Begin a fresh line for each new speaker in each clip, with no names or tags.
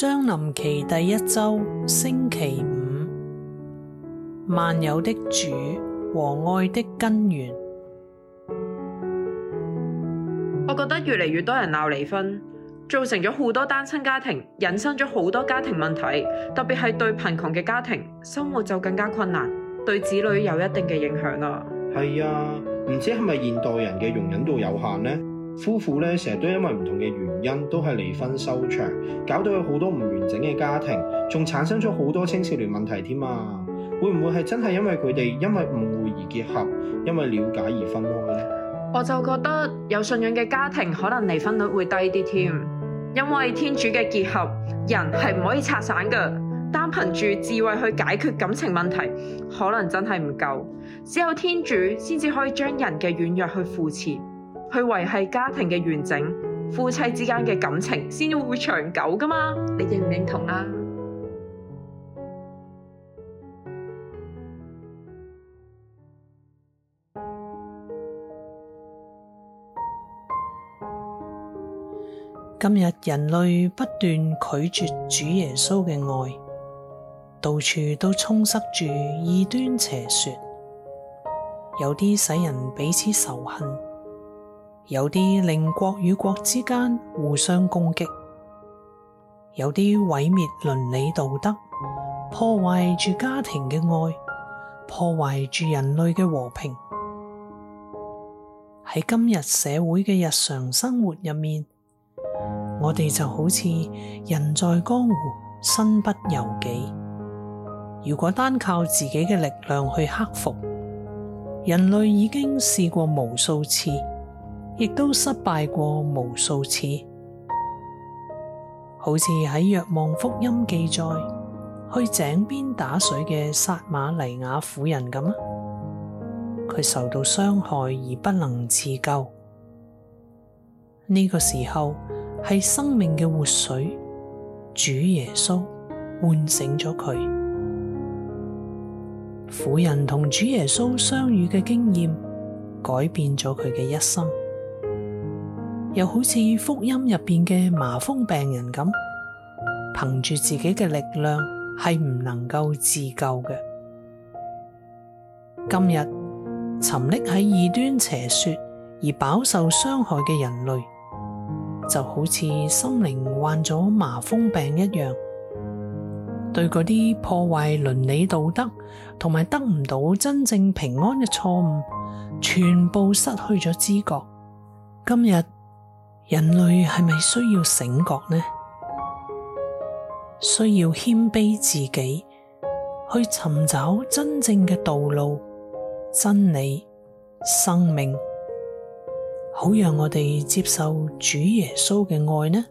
將臨期第一周星期五，萬有的主和愛的根源。
我覺得越嚟越多人鬧離婚，造成咗好多單親家庭，引申咗好多家庭問題，特別係對貧窮嘅家庭，生活就更加困難，對子女有一定嘅影響啦。係啊，唔知係咪現代人嘅容忍度有限呢？夫婦咧，成日都因為唔同嘅原因，都係離婚收場，搞到有好多唔完整嘅家庭，仲產生咗好多青少年問題添啊！會唔會係真係因為佢哋因為誤會而結合，因為了解而分開呢？我就覺得有信仰嘅家庭可能離婚率會低啲添，因為天主嘅結合，人係唔可以拆散㗎。單憑住智慧去解決感情問題，可能真係唔夠，只有天主先至可以將人嘅軟弱去扶持。去維繫家庭嘅完整，夫妻之間嘅感情先至會長久噶嘛，你認唔認同啊？
今日人類不斷拒絕主耶穌嘅愛，到處都充塞住異端邪說，有啲使人彼此仇恨。有啲令國與國之間互相攻擊，有啲毀滅倫理道德，破壞住家庭嘅愛，破壞住人類嘅和平。喺今日社會嘅日常生活入面，我哋就好似人在江湖，身不由己。如果單靠自己嘅力量去克服，人類已經試過無數次，亦都失敗過無數次，好似喺《若望福音》記載，去井邊打水嘅撒瑪黎雅婦人咁啊。佢受到傷害而不能自救，呢、這個時候係生命嘅活水，主耶穌喚醒咗佢。婦人同主耶穌相遇嘅經驗，改變咗佢嘅一生。又好似福音入邊嘅麻風病人咁，憑住自己嘅力量，係唔能夠自救嘅。今日，沉溺喺異端邪說而飽受傷害嘅人類，就好似心靈患咗麻風病一樣，對嗰啲破壞倫理道德同埋得唔到真正平安嘅錯誤，全部失去咗知覺。今日。人類係咪需要醒覺呢？需要謙卑自己，去尋找真正嘅道路、真理、生命，好讓我哋接受主耶穌嘅愛呢？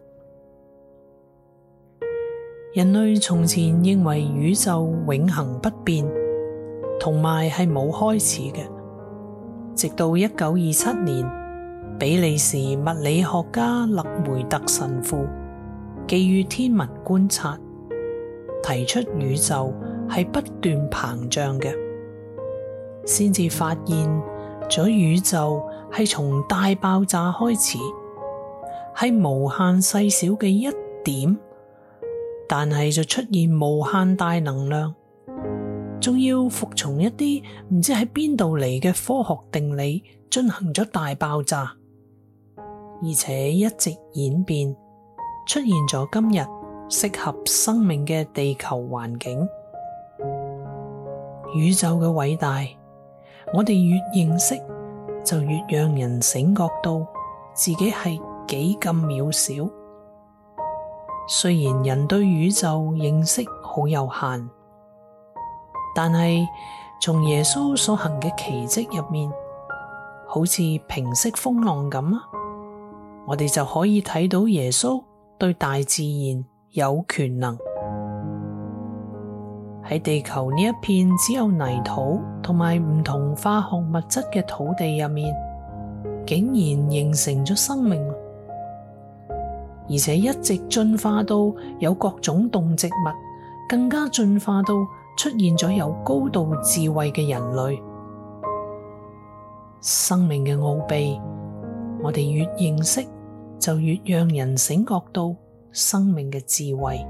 人類從前認為宇宙永恆不變，同埋係冇開始嘅，直到一九二七年。比利時物理學家勒梅特神父，基於天文觀察，提出宇宙係不斷膨脹嘅，先至發現咗宇宙係從大爆炸開始，係無限細小嘅一點，但係就出現無限大能量，仲要服從一啲唔知喺邊度嚟嘅科學定理，進行咗大爆炸。而且一直演變，出現咗今日適合生命嘅地球環境。宇宙嘅偉大，我哋越認識就越讓人醒覺到自己係幾咁渺小。雖然人對宇宙認識好有限，但係從耶穌所行嘅奇跡入面，好似平息風浪咁啊！我哋就可以睇到耶穌對大自然有權能，喺地球呢一片只有泥土同埋唔同化學物質嘅土地入面，竟然形成咗生命，而且一直進化到有各種動植物，更加進化到出現咗有高度智慧嘅人類。生命嘅奧秘，我哋越認識。就越讓人醒覺到生命嘅智慧。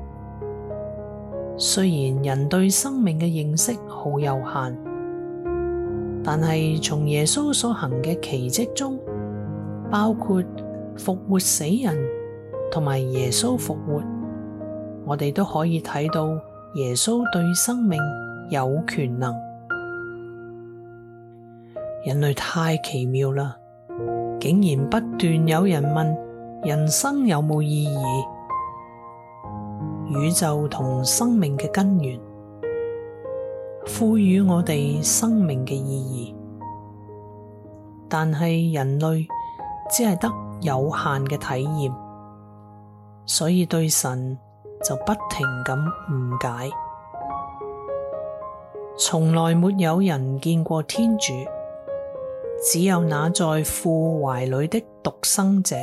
雖然人對生命嘅認識好有限，但係從耶穌所行嘅奇跡中，包括復活死人同埋耶穌復活，我哋都可以睇到耶穌對生命有權能。人類太奇妙啦，竟然不斷有人問。人生有冇意義？宇宙同生命嘅根源，賦予我哋生命嘅意義，但係人類只係得有限嘅體驗，所以對神就不停咁誤解。從來沒有人見過天主，只有那在父懷裏的獨生者，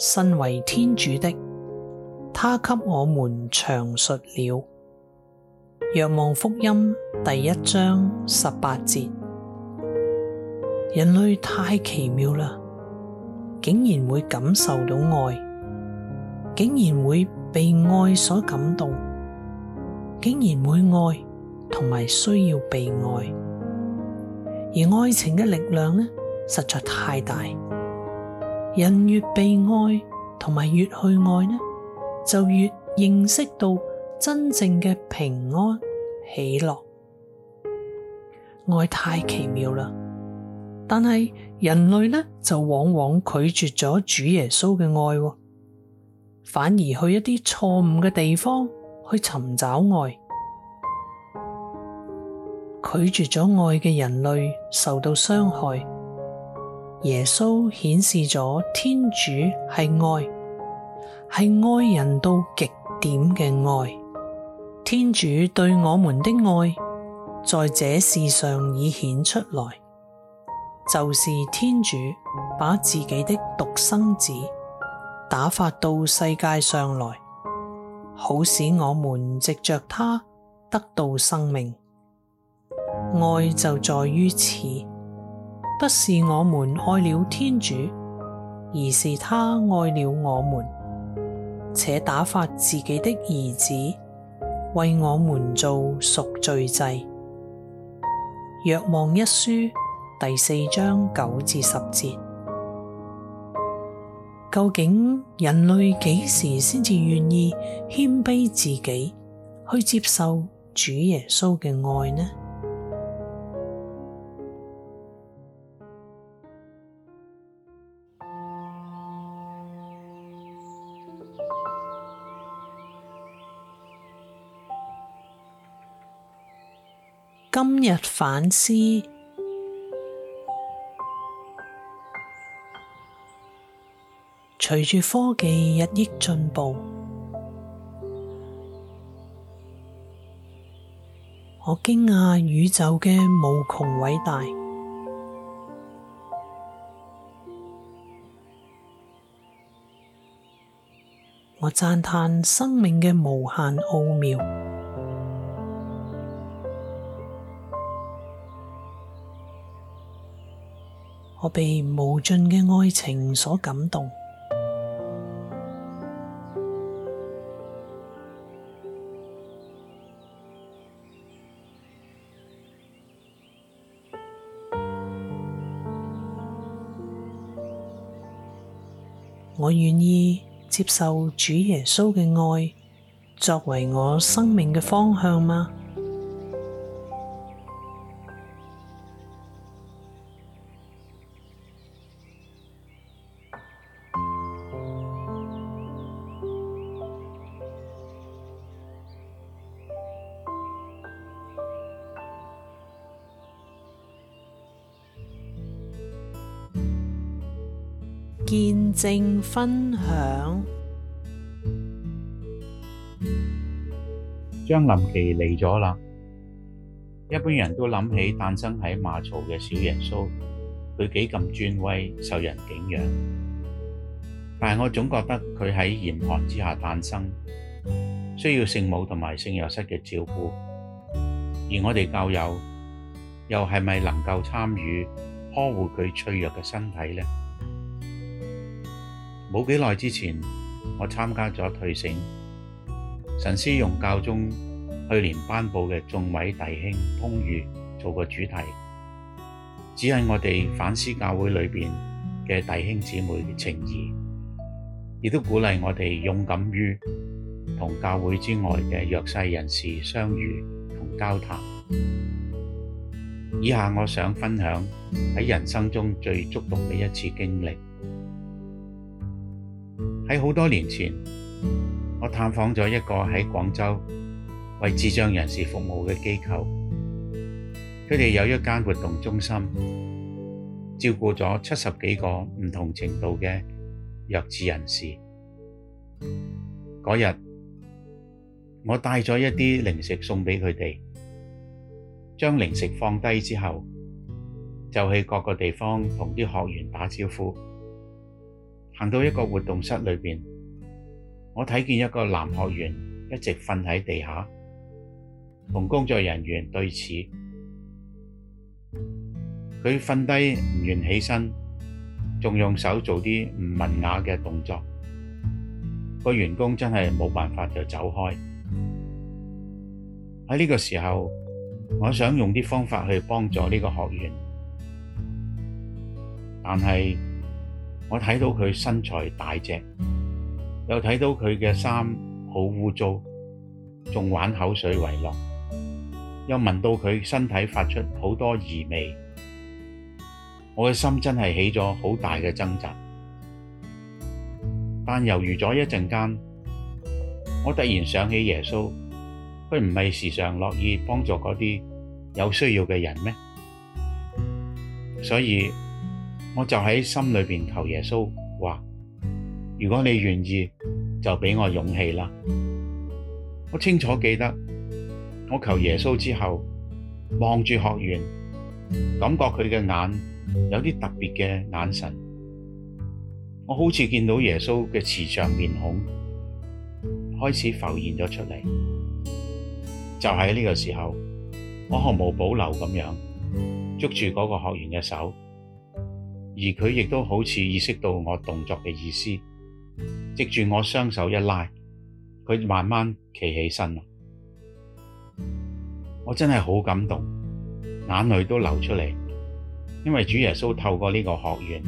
身為天主的，他，給我們詳述了《若望福音》第一章十八節：人類太奇妙啦，竟然會感受到愛，竟然會被愛所感動，竟然會愛同埋需要被愛，而愛情嘅力量呢，實在太大。人越被愛同埋越去愛呢，就越認識到真正嘅平安喜樂。愛太奇妙啦，但係人類呢就往往拒絕咗主耶穌嘅愛喎，反而去一啲錯誤嘅地方去尋找愛，拒絕咗愛嘅人類受到傷害。耶穌顯示咗天主係愛，係愛人到極點嘅愛。天主對我們的愛，在這事上已顯出來，就是天主把自己的獨生子打發到世界上來，好使我們藉着他得到生命。愛就在於此。不是我們愛了天主，而是他愛了我們，且打發自己的兒子為我們做贖罪祭。若望一書第四章九至十節。究竟人類幾時先至願意謙卑自己，去接受主耶穌嘅愛呢？今日反思，隨住科技日益進步，我驚訝宇宙嘅無窮偉大，我讚嘆生命嘅無限奧妙。我被無盡嘅愛情所感動。我願意接受主耶穌嘅愛，作為我生命嘅方向嗎？正分享，
將臨期嚟咗啦。一般人都諗起誕生喺馬槽嘅小耶穌，佢幾咁尊威，受人景仰。但係我總覺得佢喺嚴寒之下誕生，需要聖母同埋聖若瑟嘅照顧。而我哋教友又係咪能夠參與呵護佢脆弱嘅身體呢？冇幾耐之前，我參加咗退省，神師用教宗去年頒布嘅眾位弟兄通諭做個主題，指引我哋反思教會裏面嘅弟兄姊妹嘅情誼，亦都鼓勵我哋勇敢於同教會之外嘅弱勢人士相遇同交談。以下我想分享喺人生中最觸動嘅一次經歷。喺好多年前，我探訪咗一個喺廣州為智障人士服務嘅機構，佢哋有一間活動中心，照顧咗七十幾個唔同程度嘅弱智人士。嗰日，我帶咗一啲零食送俾佢哋，將零食放低之後，就去各個地方同啲學員打招呼。行到一個活動室裏邊，我睇見一個男學員一直瞓喺地下，同工作人員對峙。佢瞓低唔願起身，仲用手做啲唔文雅嘅動作。個員工真係冇辦法就走開。喺呢個時候，我想用啲方法去幫助呢個學員，但係...我睇到佢身材大隻，又睇到佢嘅衫好污糟，仲玩口水為樂，又聞到佢身體發出好多異味，我嘅心真係起咗好大嘅掙扎。但猶豫咗一陣間，我突然想起耶穌，佢唔係時常樂意幫助嗰啲有需要嘅人咩？所以，我就喺心裏面求耶穌話：如果你願意，就俾我勇氣啦。我清楚記得，我求耶穌之後，望住學員，感覺佢嘅眼有啲特別嘅眼神，我好似見到耶穌嘅慈祥面孔開始浮現咗出嚟。就喺呢個時候，我毫無保留咁樣捉住嗰個學員嘅手。而佢亦都好似意識到我動作嘅意思，藉住我雙手一拉，佢慢慢企起身啦。我真係好感動，眼淚都流出嚟，因為主耶穌透過呢個學員，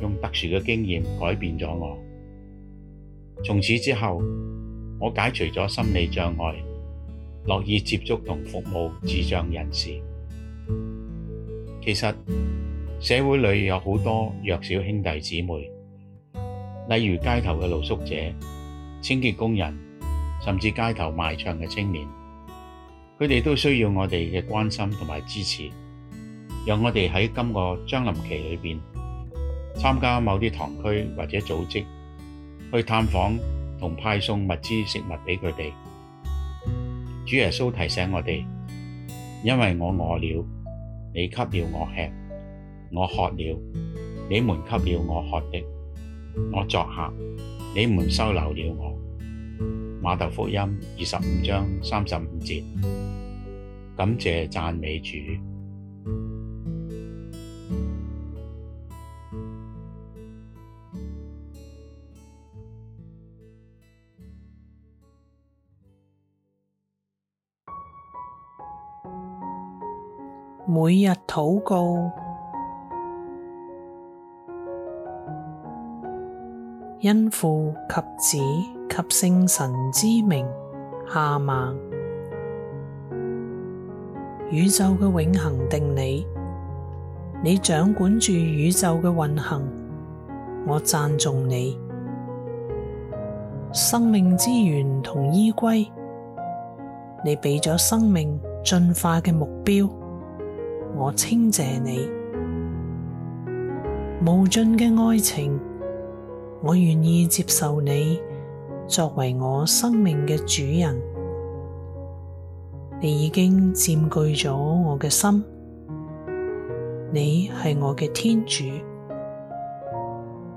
用特殊嘅經驗改變咗我。從此之後，我解除咗心理障礙，樂意接觸同服務智障人士。其實。社會裏有好多弱小兄弟姊妹，例如街頭嘅露宿者、清潔工人，甚至街頭賣唱嘅青年，佢哋都需要我哋嘅關心同埋支持。讓我哋喺今個將臨期裏邊參加某啲堂區或者組織，去探訪同派送物資食物俾佢哋。主耶穌提醒我哋：因為我餓了，你給了我吃。我渴了，你們給了我喝的；我作客，你們收留了我。馬竇福音二十五章三十五節，感謝讚美主。
每日禱告。因父及子及聖神之名，亞孟。宇宙嘅永恒定理，你掌管住宇宙嘅運行，我讚頌你。生命之源同依歸，你畀咗生命進化嘅目標，我稱謝你。無盡嘅愛情。我願意接受你作為我生命嘅主人，你已經佔據咗我嘅心，你係我嘅天主，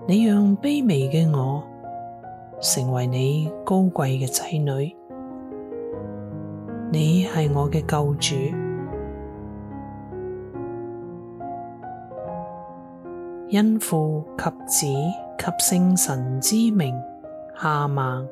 你讓卑微嘅我成為你高貴嘅仔女，你係我嘅救主，因父及子。及聖神之名，阿們。